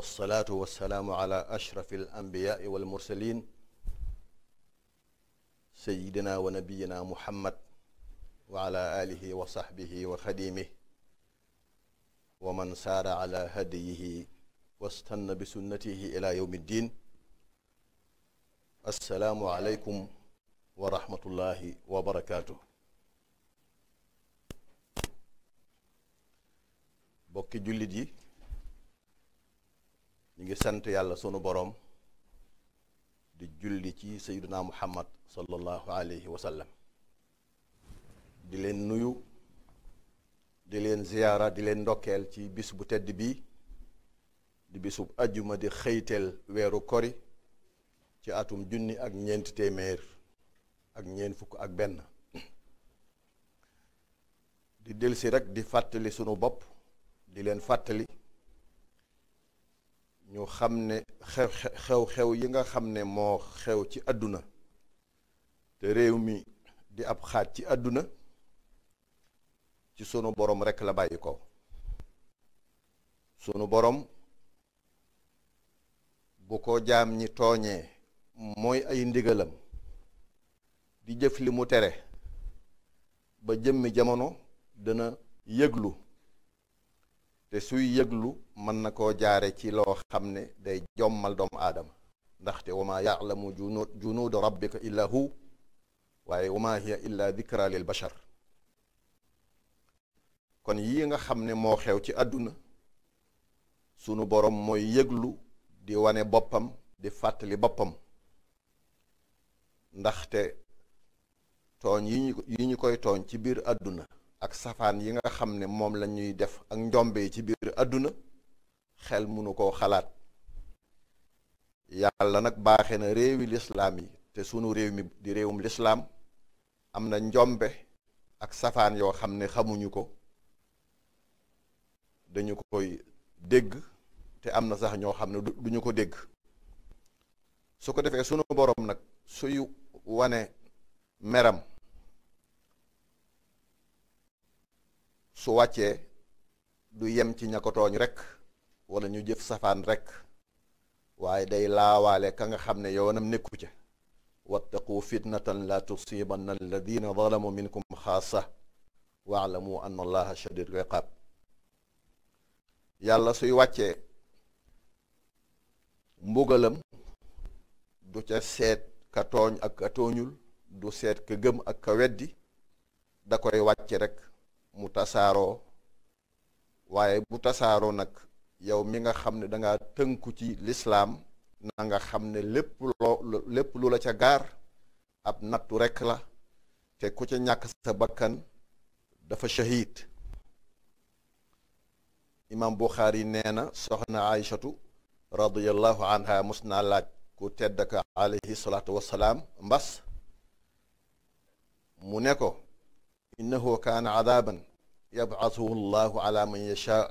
wasalaatu wasalaamu ala ashraf alambiyaai walmursalin sayidina wa nabiyina muhammad wa ala alihi wa saxbihi wa xadimih wa man saara ala hadiyihi wastanna bi sunnatihi ila yowmi ddin assalaamu aleykum wa rahmatullahi wa barakaatu bokki jullit yi ñu ngi sant yàlla sunu boroom di julli ci sayyiduna muhammad sallallahu alayhi wa di leen nuyu di leen ziyaara di leen ndokkeel ci bis bu tedd bii di bisub ajjuma di xëyteel weeru kori ci atum junni ak ñeenti téeméer ak ñeent fukk ak benn di delsi rekk di fàttali sunu bopp di leen fàttali ñu xam ne xew xew xew yi nga xam ne moo xew ci àdduna te réew mi di ab xaaj ci àdduna ci sunu boroom rekk la bàyyi ko sunu boroom bu ko jaam ñi tooñee mooy ay ndigalam di jëf li mu tere ba jëmmi jamono dana yëglu te suy yëglu mën na koo jaare ci loo xam ne day jommal doomu aadama ndaxte wama yaalamu junud junuud rabbika illa waaye wama hiya illa dikra lil bashar kon yi nga xam ne moo xew ci àdduna sunu boroom mooy yëglu di wane boppam di fàttali boppam ndaxte tooñ yi ñu yi ñu koy tooñ ci biir àdduna ak safaan yi nga xam ne moom la ñuy def ak njombe ci biir àdduna xel mënu koo xalaat yàlla nag baaxe na réewi lislaam yi te sunu réew mi di réewum lislaam am na njombe ak safaan yoo xam ne xamuñu ko dañu koy dégg te am na sax ñoo xam ne duñu ko dégg su ko defee sunu boroom nag suy wane meram su wàccee du yem ci ña ko tooñ rek wala ñu jëf safaan rekk waaye day laawaale ka nga xam ne yoonam nekku ca wattaqu fitnatan la tusibanna alladina zalamu minkum xaasa waalamu anna allaha shadidul yàlla suy wàccee mbugalam du ca seet ka tooñ ak ka tooñul du seet ka gëm ak ka weddi da koy wàcce rek mu tasaaroo waaye bu tasaaroo nag yow mi nga xam ne danga tënku ci lislaam na nga xam ne lépp loo lu la ca gaar ab nattu rekk la te ku ca ñàkk sa bakkan dafa shahid imaam buxaari nee na soxna aïchatu radiallahu anha mos naa laaj ku tedd ka alayhi salaatu wasalaam mbas mu ne ko innahu kaana adaaban yabcasuhu llahu ala man yashaa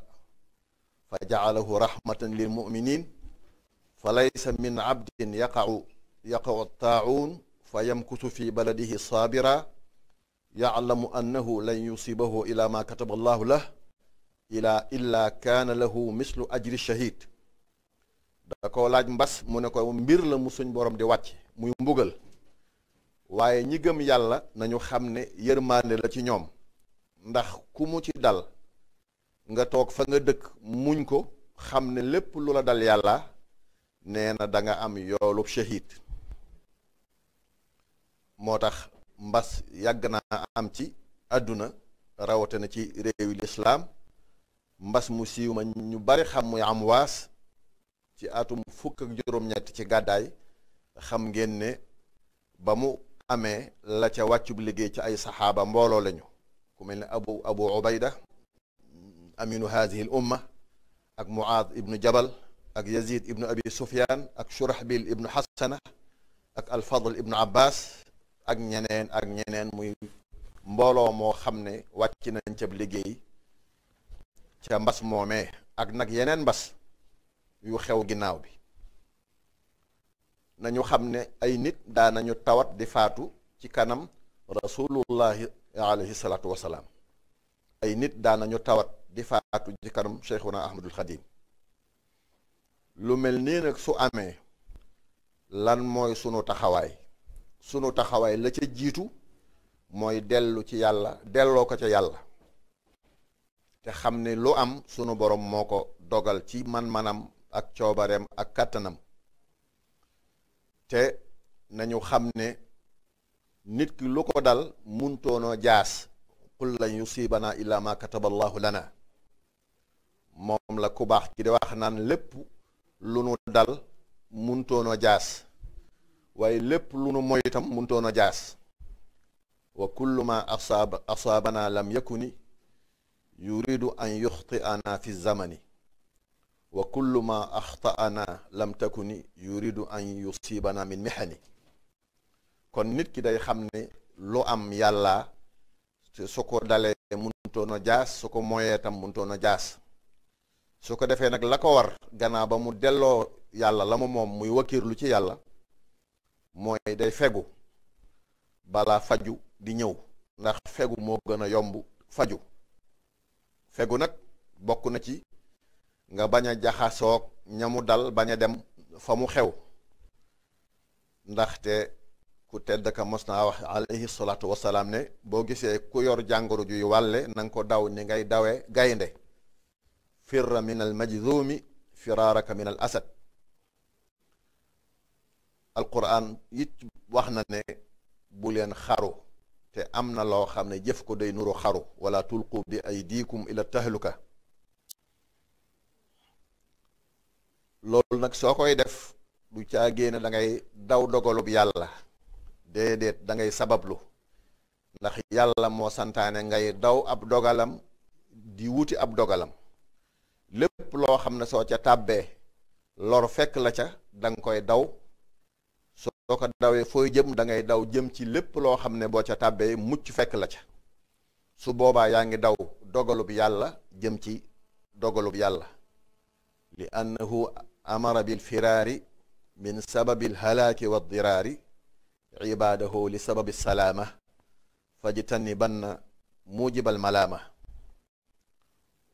fa jacalahu raxmatan lilmuminin fa laysa min abdin yaqacu yaqacu attaacuun fa yamkusu fi baladihi saabira yaclamu annahu lan yusibahu ila ma kataba allahu lah ila illa kaana lahu mislu ajri shahid da ko laaj mbas mu ne ko mbir la mu suñ borom di wàcc muy mbugal waaye ñi gëm yàlla nañu xam ne yërmaande la ci ñoom ndax ku mu ci dal nga toog fa nga dëkk muñ ko xam ne lépp lu la dal yàlla nee na danga nga am yoolub shahid moo tax mbas yàgg naa am ci àdduna rawatina ci réewi lislaam mbas mu siiw ma ñu bari xam muy am waas ci atum fukk ci gàddaay xam ngeen ne ba mu amee la ca wàccub liggéey ci ay saxaaba mbooloo lañu ku mel ne abu abu ubayda aminu hadihi l umma ak muaad ibnu jabal ak yazid ibnu abi sufyan ak shurahbil ibnu xasana ak alfadl ibnu abbas ak ñeneen ak ñeneen muy mbooloo moo xam ne wàcc nañ ca liggéey ca mbas moomee ak nag yeneen mbas yu xew ginnaaw bi nañu xam ne ay nit daanañu tawat di faatu ci kanam rasulullahi alayhi salaatu wasalaam ay nit ñu tawat di faatu ci kanam cheikhuna ahmadul xadim lu mel nii nag su amee lan mooy sunu taxawaay sunu taxawaay la ca jiitu mooy dellu ci yàlla delloo ko ca yàlla te xam ne lu am sunu boroom moo ko dogal ci man-manam ak coobareem ak kàttanam te nañu xam ne nit ki lu dal muntoonoo jaas qul lan yusibanaa illaa ma kataballaahu lana moom la ku baax ki di wax naan lépp lu dal muntoonoo jaas waaye lépp lu nu moy itam jaas wa kullu ma asaab asaabanaa lam yakuni yuridu an yuxti'anaa fi zamani wa kullu ma axta'anaa lam takuni yuridu an yusiibanaa min mihani kon nit ki day xam ne lu am yàlla su ko dalee muntoon a jaas su ko mooyee tam muntoon a jaas su ko defee nag la ko war gannaaw ba mu delloo yàlla la ma moom muy lu ci yàlla mooy day fegu balaa faju di ñëw ndax fegu moo gën a yomb faju fegu nag bokk na ci nga bañ a jaxasoog ñamu dal bañ a dem fa mu xew ndaxte ku tedd ka mos naa wax alayhi ne boo gisee ku yor jàngoro juy wàlle na nga ko daw ni ngay dawe gaynde firra min al majzumi firaaraka min al asad alquran wax na ne bu leen xaru te am na loo xam ne jëf ko dey nuru xaru wala tulqu bi aydikum ila tahluka loolu nag soo koy def du caa génn da ngay daw dogalub yàlla déedéet dangay sabablu ndax yàlla moo santaane ngay daw ab dogalam di wuti ab dogalam lépp loo xam ne soo ca tàbbee lor fekk la ca danga koy daw soo ko dawee fooy jëm da ngay daw jëm ci lépp loo xam ne boo ca tàbbee mucc fekk la ca su boobaa yaa ngi daw dogalub yàlla jëm ci dogalub yàlla li annahu amara bil firaari min sababil halaaki wa ibaadahu li sababi salaama fajtanibanna mujibal malaama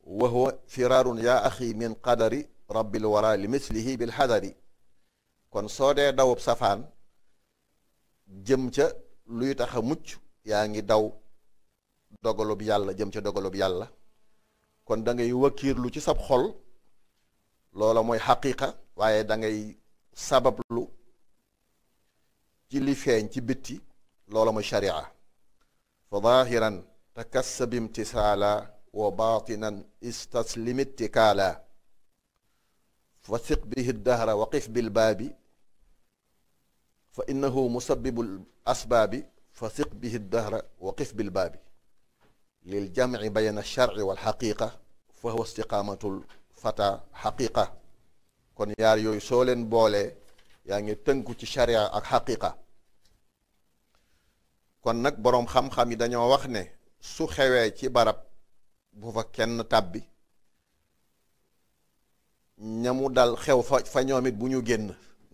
wa huwa firaarun yaa axi min qadari rabbil wara li mislihi bil xadari kon soo dee dawub safaan jëm ca luy tax a mucc yaa ngi daw dogalub yàlla jëm ca dogalub yàlla kon dangay ngay wakkiirlu ci sab xol loola mooy xaqiiqa waaye dangay sabab sabablu ci li feeñ ci bitti loola mooy sharia fa zahiran takassab imtisaala wa baatinan istaslim ittikaala fasiq bihi dahra waqif bilbaabi fa innahu musabibu asbaabi fasiq bihi dahra waqif bilbaabi liljamci bayna alsharci walxaqiqa fa huwa istiqaamatu lfata xaqiqa kon yaar yooyu soo leen boolee yaa ngi tënku ci sharia ak xaqiqa kon nag boroom xam-xam yi dañoo wax ne su xewee ci barab bu fa kenn tàbbi ñamu dal xew fa fa bu ñu génn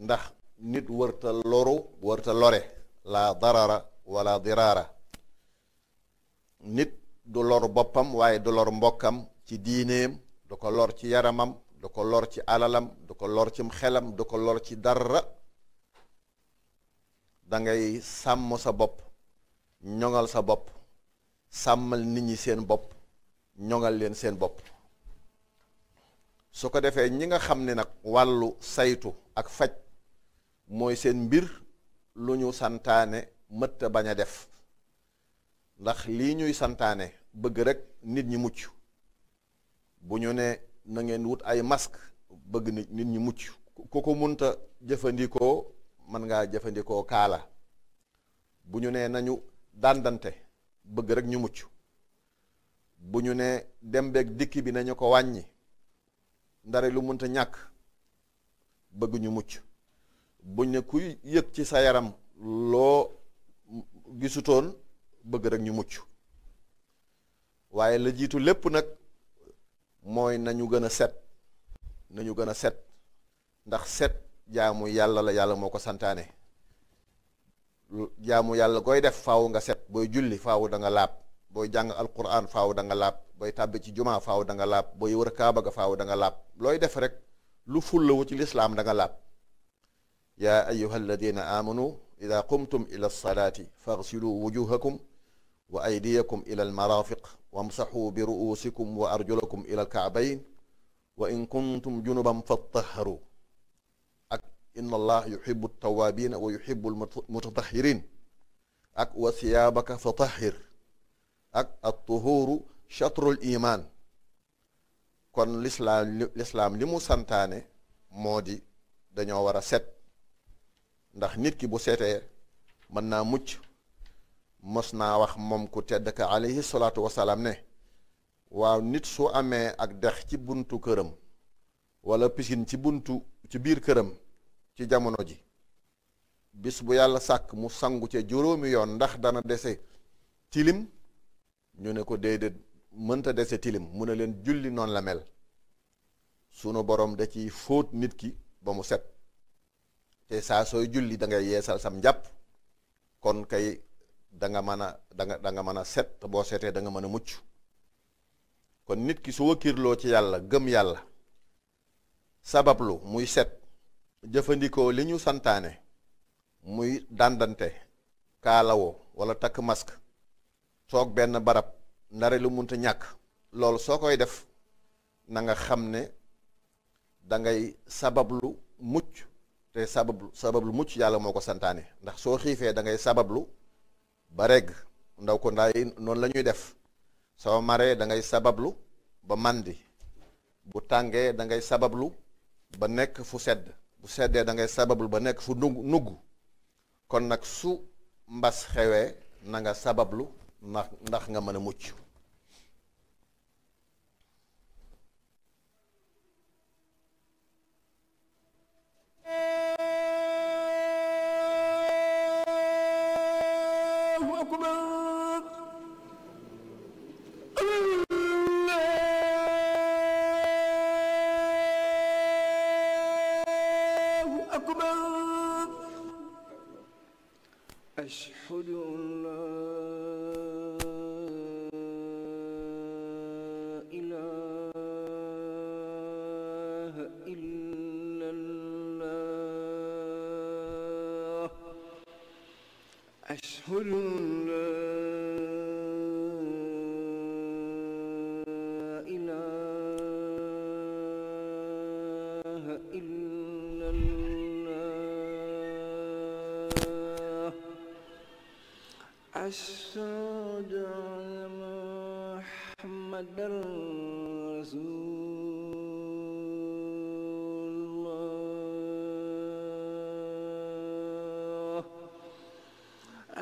ndax nit wërta loru wërta lore la darara wala diraara nit du lor boppam waaye du lor mbokkam ci diineem du ko lor ci yaramam du ko lor ci alalam du ko lor ci xelam du ko lor ci dara da ngay sàmm sa bopp ñoŋal sa bopp sàmmal nit ñi seen bopp ñoŋal leen seen bopp su ko defee ñi nga xam ne nag wàllu saytu ak faj mooy seen mbir lu ñu santaane mëtt bañ a def ndax lii ñuy santaane bëgg rek nit ñi mucc bu ñu ne na ngeen wut ay masque bëgg nit nit ñi mucc ku ko munta jëfandikoo mën ngaa jëfandikoo kaala bu ñu nee nañu dàndante bëgg rek ñu mucc bu ñu nee dem beeg dikk bi nañu ko wàññi ndare lu munta ñàkk bëgg ñu mucc buñ ne kuy yëg ci sa yaram loo gisutoon bëgg rek ñu mucc waaye la jiitu lépp nag mooy nañu gën a set nañu gën a set ndax set jaamu yàlla la yàlla moo ko santaane jaamu yàlla koy def faw nga set booy julli faaw danga nga laab booy jàng alquran faaw da nga laab booy tàbbi ci jumaa faw danga nga laab booy wër kaaba ga faaw da laab looy def rek lu fullawu ci lislaam danga nga laab yaa ayuha alladina amanu ida qumtum ila lsalaati fagsilu wujuhakum wa aydiyakum ila almarafiq wamsaxuu bi ru'uusikum wa arjulakum ila alkaabayn wa in kuntum junuban fattaharu ak inna allah yuxibu altawaabina wa yuxibu almutatahirin ak wa siyaabaka fatahir ak altuhuuru chatrul iman kon lislaam lislaam li mu santaane moo di dañoo war a set ndax nit ki bu setee mën naa mucc mos naa wax moom ku tedd ka alayhi salaatu wasalaam ne waaw nit su amee ak dex ci buntu këram wala piscine ci buntu ci biir këram ci jamono ji bis bu yàlla sàkk mu sangu ca juróomi yoon ndax dana dese tilim ñu ne ko déedéet mënta dese tilim mu ne leen julli noonu la mel sunu boroom da ci fóot nit ki ba mu set te saa sooy julli dangay yeesal sam njàpp kon kay da nga mën a da nga mën a set te boo seetee da nga mën a mucc kon nit ki su wakkirloo ci yàlla gëm yàlla sabablu muy set jëfandikoo li ñu santaane muy dàndante kaalawoo wala takk mask toog benn barab ndare lu munta ñàkk loolu soo koy def na nga xam ne dangay sabablu mucc te sabablu sabablu mucc yàlla moo ko santaane ndax soo xiifee da ngay sabablu ba regg ndaw ko ndaa yi noonu lañuy def soo maree da ngay sabablu ba màndi bu tàngee dangay sabablu ba nekk fu sedd bu seddee da ngay sabablu ba nekk fu nugg nugg kon nag su mbas xewee nanga sabablu ndax ndax nga mën a mucc أكبر الله أكبر أشهد أن لا إله إلا أشهد لا إله إلا الله أشهد أن محمدا رسول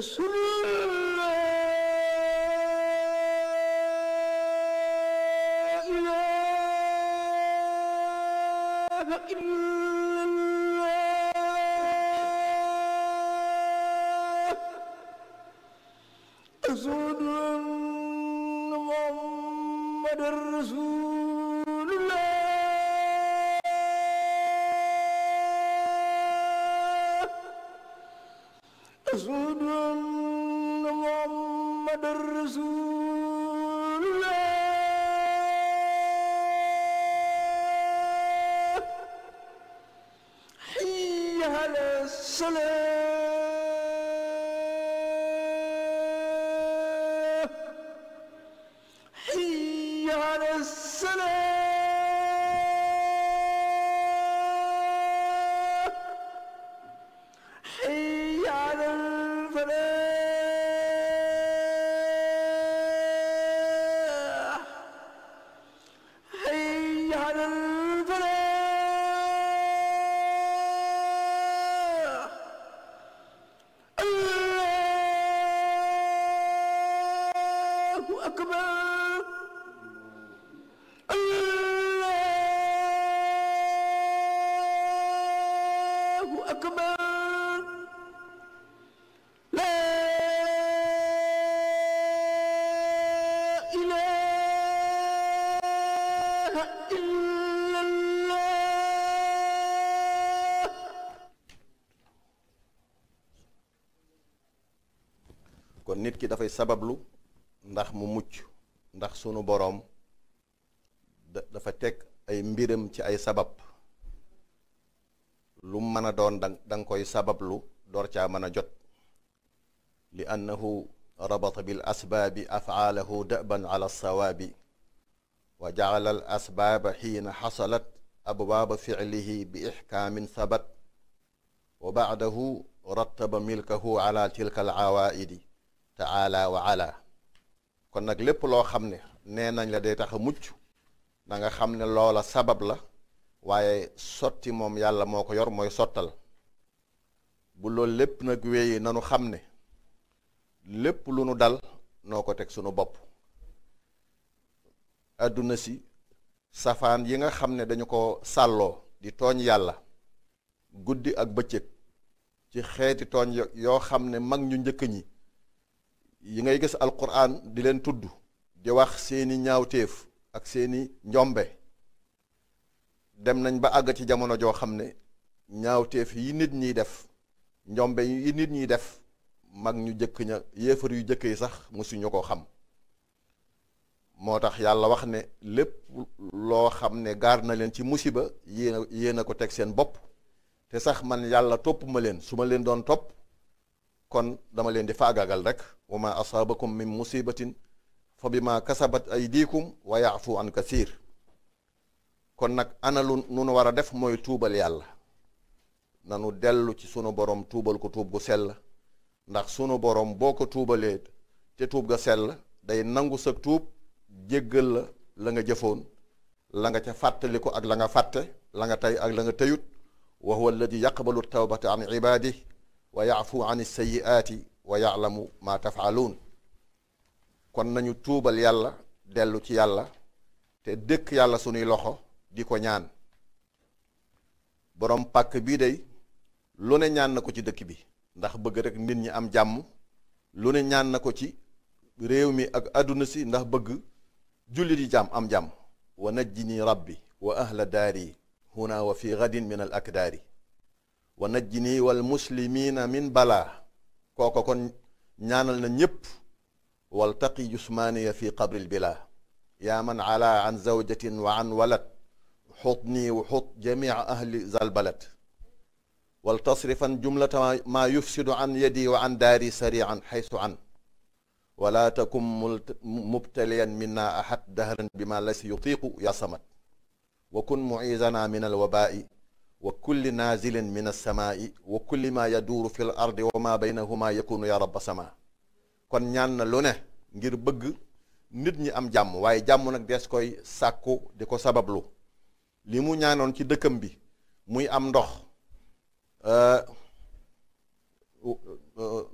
رسول على الصلاه ki dafay sabablu ndax mu mucc ndax sunu boroom dafa teg ay mbiram ci ay sabab lu mën a doon danga koy sabablu door caa mën a jot li annahu rabata bil asbaabi afaalahu daban ala sawaabi wa jacala al asbaaba xiina xasalat abwaaba bi ixkaamin sabat wa bacdahu rattaba milkahu ala tilka al cawaaidi taala wa kon nag lépp loo xam ne nee nañ la day tax a mucc na nga xam ne loola sabab la waaye sotti moom yàlla moo ko yor mooy sottal bu lool lépp nag wéyi nanu xam ne lépp lu nu dal noo ko teg sunu bopp àdduna si safaan yi nga xam ne dañu ko sàlloo di tooñ yàlla guddi ak bëccëg ci xeeti tooñ yoo xam ne mag ñu njëkk ñi yi ngay gis alquran di leen tudd di wax seeni ñaawteef ak seeni njombe dem nañ ba àgg ci jamono joo xam ne ñaawteef yi nit ñiy def njombe yi nit ñiy def mag ñu jëkk ña yéefar yu jëkk yi sax mosuñu ko xam moo tax yàlla wax ne lépp loo xam ne gaar na leen ci musiba yéen a yéen a ko teg seen bopp te sax man yàlla topp ma leen su ma leen doon topp kon dama leen di faagaagal rek wa ma asaabakum min musibatin fa bi ma kasabat aydikum wa yaafu an kasir kon nag ana lu nu nu war a def mooy tuubal yàlla nanu dellu ci sunu borom tuubal ko tuub gu sell ndax sunu borom boo ko tuubalee te tuub ga sell day nangu sa tuub jéggal la la nga jëfoon la nga ca ko ak la nga fàtte la nga tey ak la nga teyut wa huwa alladi yaqbalu tawbata an ibaadihi wa yaafu an sayiaati wa yaalamu ma tafaaluun kon nañu tuubal yàlla dellu ci yàlla te dëkk yàlla sunuy loxo di ko ñaan boroom pàkk bii day lu ne ñaan na ko ci dëkk bi ndax bëgg rek nit ñi am jàmm lu ne ñaan na ko ci réew mi ak àdduna si ndax bëgg jullit yi jàmm am jàmm wa najjini rabbi wa ahla daari huna wa fi gadin min al akdaari wa najjini wal muslimiina min bala kooko kon ñaanal na ñépp wal taqi jusmaaniya fi qabril bila yaa man ala an zawjatin wa an walad xut nii wa xut jamii ahli zalbalad wal tasrifan jumlata maa yufsidu an yadi wa an daari sarian xaysu an wala takum mubtaliyan minna ahad dahran bima laysa yutiqu ya samat wa kun muizana min alwabaai wa kulli naazilin min alsamaai wa kulli ma yaduuru fi l ardi wa ma baynahuma yakunu ya rabba sama kon ñaan na lu ne ngir bëgg nit ñi am jàmm waaye jàmm nag dees koy sàkku di ko sabablu li mu ñaanoon ci dëkkam bi muy am ndox euh, euh,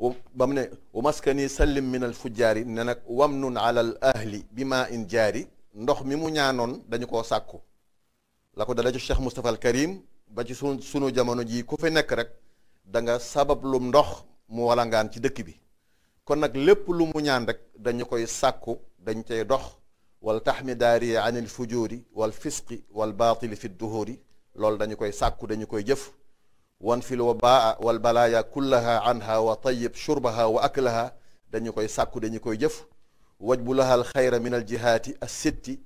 euh, ba mu ne wa maskani sallim min al fujjaari ne nag wamnun ala al ahli bi ma in jaari ndox mi mu ñaanoon dañu ko sàkku la ko dala ci Cheikh Moustapha al Karim ba ci sunu sunu jamono jii ku fi nekk rek da nga sabab lu ndox mu walangaan ci dëkk bi kon nag lépp lu mu ñaan rek dañu koy sàkku dañ cay dox wal taxmi daari an il fujuuri wal fisqi wal fi duhuri loolu dañu koy sàkku dañu koy jëf wan fil wabaa wal balaaya kullaha anha wa tayib shurbaha wa dañu koy sàkku dañu koy jëf waj bu laha al xayra min al jihaati as sitti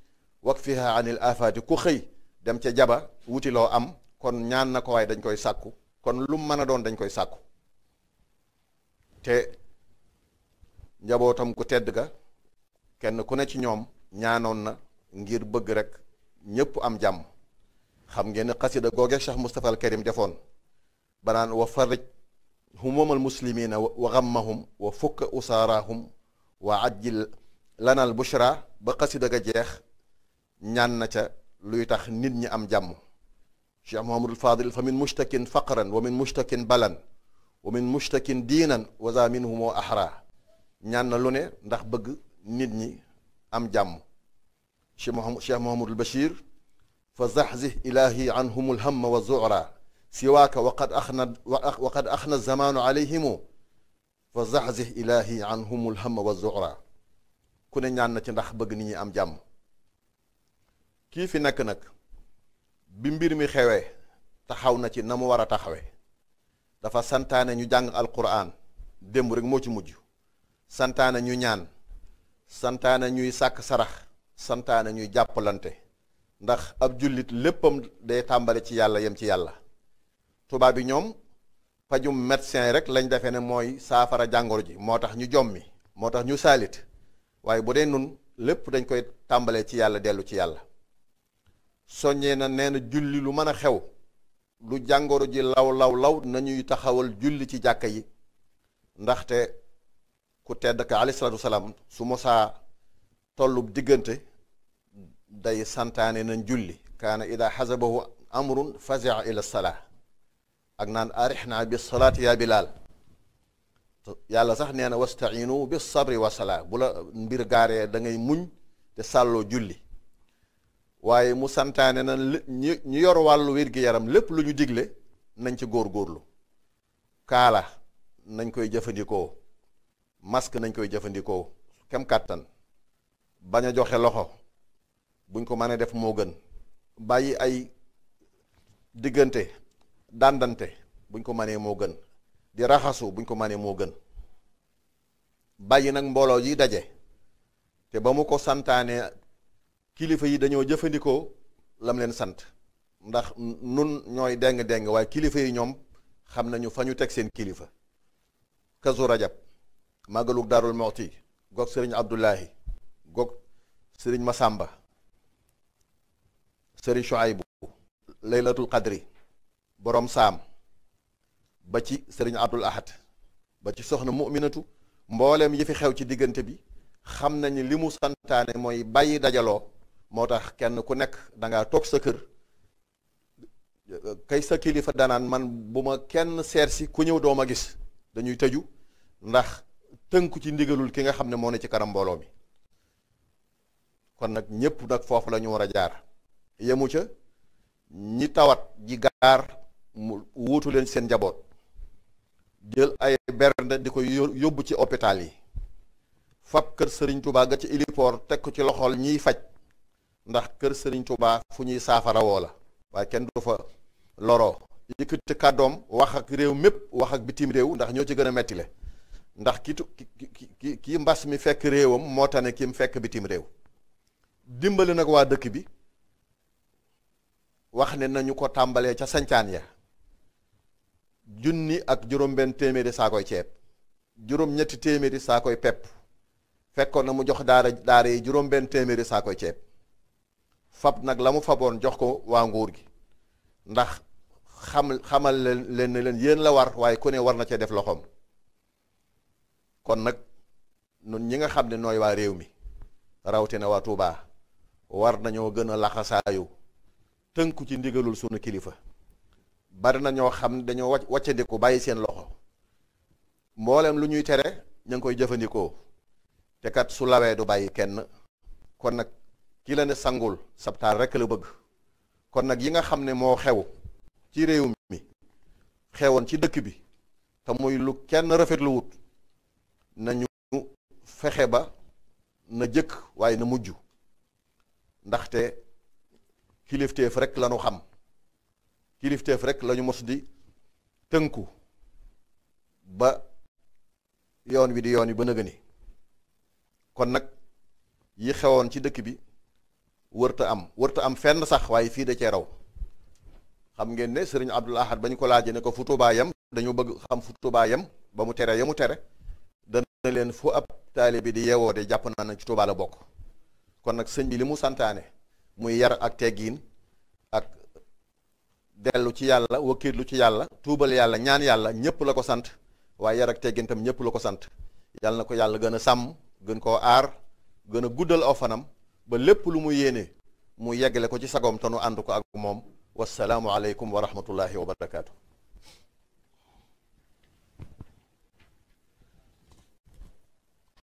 wakfiha an il afaati ku xëy dem ca jaba wuti loo am kon ñaan na ko waaye dañ koy sàkku kon lu mu mën a doon dañ koy sàkku te njabootam ku tedd ga kenn ku ne ci ñoom ñaanoon na ngir bëgg rek ñépp am jàmm xam ngeen ne xasida googe Cheikh Moustapha al Karim defoon banaan wa farij humamal muslimina wa xammahum wa fukka usaarahum wa ajjil lanal bushra ba xasida ga jeex ñaan na ca luy tax nit ñi am jàmm cheikh mohamadul fadil fa min mushtakin faqran wa min mushtakin balan wa min mushtakin diinan wa za minhumoo ahra ñaan na lu ne ndax bëgg nit ñi am jàmm cheikh mohamad cheikh mohamadul bachir fa zaxzih ilahi anhum alhamma wa zuura siwaaka waqad axna waqad axna zamaanu alayhimu fa zaxzih ilahi anhum alhamma wa zuura ku ne ñaan na ci ndax bëgg nit ñi am jàmm kii fi nekk nag bi mbir mi xewee taxaw na ci na mu war a taxawee dafa santaane ñu jàng alquran démb rek moo ci mujj santaane ñu ñaan santaane ñuy sàkk sarax santaane ñuy jàppalante ndax ab jullit léppam day tàmbale ci yàlla yem ci yàlla tubaab yi ñoom pajum médecin rek lañ defee ne mooy saafara jàngoro ji moo tax ñu jommi moo tax ñu saalit waaye bu dee nun lépp dañ koy tàmbalee ci yàlla dellu ci yàlla soññee na neena na julli lu mën a xew lu jàngoro ji law law law nañuy taxawal julli ci jàkka yi ndaxte ku tedd ka alayhi salaatu wasalaam su mosaa tollub diggante day santaane nañ julli kaana ida xasabahu amrun fazia ila salaa ak naan arixna bi salaati yàlla sax nee na wastainu bi sabri wa bu la mbir gaaree dangay ngay muñ te sàlloo julli waaye mu santaane na ñu ñu yor wàllu wér-gi-yaram lépp lu ñu digle nañ ci góor-góorlu kaala nañ koy jëfandikoo masque nañ koy jëfandikoo kem kàttan bañ a joxe loxo buñ ko mënee def moo gën bàyyi ay diggante dàndante buñ ko mënee moo gën di raxasu buñ ko mënee moo gën bàyyi nag mbooloo yi daje te ba mu ko santaane kilifa yi dañoo jëfandikoo lam leen sant ndax nun ñooy deng-deng waaye kilifa yi ñoom xam nañu fa ñu teg seen kilifa kazu rajab màggalug daarul moxti goog sëriñ abdullahi goog sëriñ ma sàmba sëriñ shuaybu laylatul qadri boroom saam ba ci sëriñ abdul ahad ba ci soxna muminatu mbooleem yi fi xew ci diggante bi xam nañu limu mu santaane mooy bàyyi dajaloo moo tax kenn ku nekk danga toog sa kër kay sa kilifa danaan man bu ma kenn seet si ku ñëw doom a gis dañuy tëju ndax tënku ci ndigalul ki nga xam ne moo ne ci kanam mbooloo mi kon nag ñépp nag foofu lañu ñu war a jaar yemu ca ñi tawat ji gaar mu wuutu leen seen njaboot jël ay bernde di ko yóbbu ci hôpital yi fab kër Sëriñ Tuubaa ci héliport teg ci loxol ñiy faj ndax kër sëriñ Touba fu ñuy saafara woo la waaye kenn du fa loro yëkkati kàddoom wax ak réew mépp wax ak bitim réew ndax ñoo ci gën a mettile ndax ki ki ki mbas mi fekk réewam moo tane ki mu fekk bitim réew dimbali nag waa dëkk bi wax ne nañu ko tàmbalee ca sancaan ya junni ak juróom-benn téeméeri saa koy ceeb juróom-ñetti téeméeri saa koy pepp fekkoon na mu jox daara daara yi juróom-benn téeméeri saa koy ceeb fab nag la mu faboon jox ko waa nguur gi ndax xam xamal leen ne leen yéen la war waaye ku ne war na cee def loxoom kon nag nun ñi nga xam ne nooy waa réew mi rawatina waa Touba war nañoo gën a laxasaayu tënku ci ndigalul sunu kilifa bari na ñoo xam dañoo wàcc bàyyi seen loxo mboolem lu ñuy tere ñu ngi koy jëfandikoo te kat su lawee du bàyyi kenn kon nag. ki la ne sangul sabtaal rek la bëgg kon nag yi nga xam ne moo xew ci réew mi xewoon ci dëkk bi te muy lu kenn rafetlu wut nañu fexe ba na jëkk waaye na mujj ndaxte kilifteef rek lañu xam kilifteef rek lañu mos di tënku ba yoon wi di yoon wi ba nëgëni kon nag yi xewoon ci dëkk bi wërta am wërta am fenn sax waaye fii da cee raw xam ngeen ne sëriñ Abdul Ahad ba ko laaj ne ko fu Tuubaa yem dañu bëgg xam fu Tuubaa yem ba mu teree ya mu tere dana leen fu ab taalibe di yeewoo de jàpp naa ne ci Tuubaa la bokk kon nag sëñ bi li mu santaane muy yar ak teggiin ak dellu ci yàlla wakkiitlu ci yàlla tuubal yàlla ñaan yàlla ñëpp la ko sant waaye yar ak teggiin tam ñëpp la ko sant yàlla na ko yàlla gën a sàmm gën koo aar gën a guddal aw ba lépp lu mu yéene mu yeggale ko ci sagoom te nu ànd ko ak moom wasalaamu aleykum wa rahmatullahi wa barakaatu.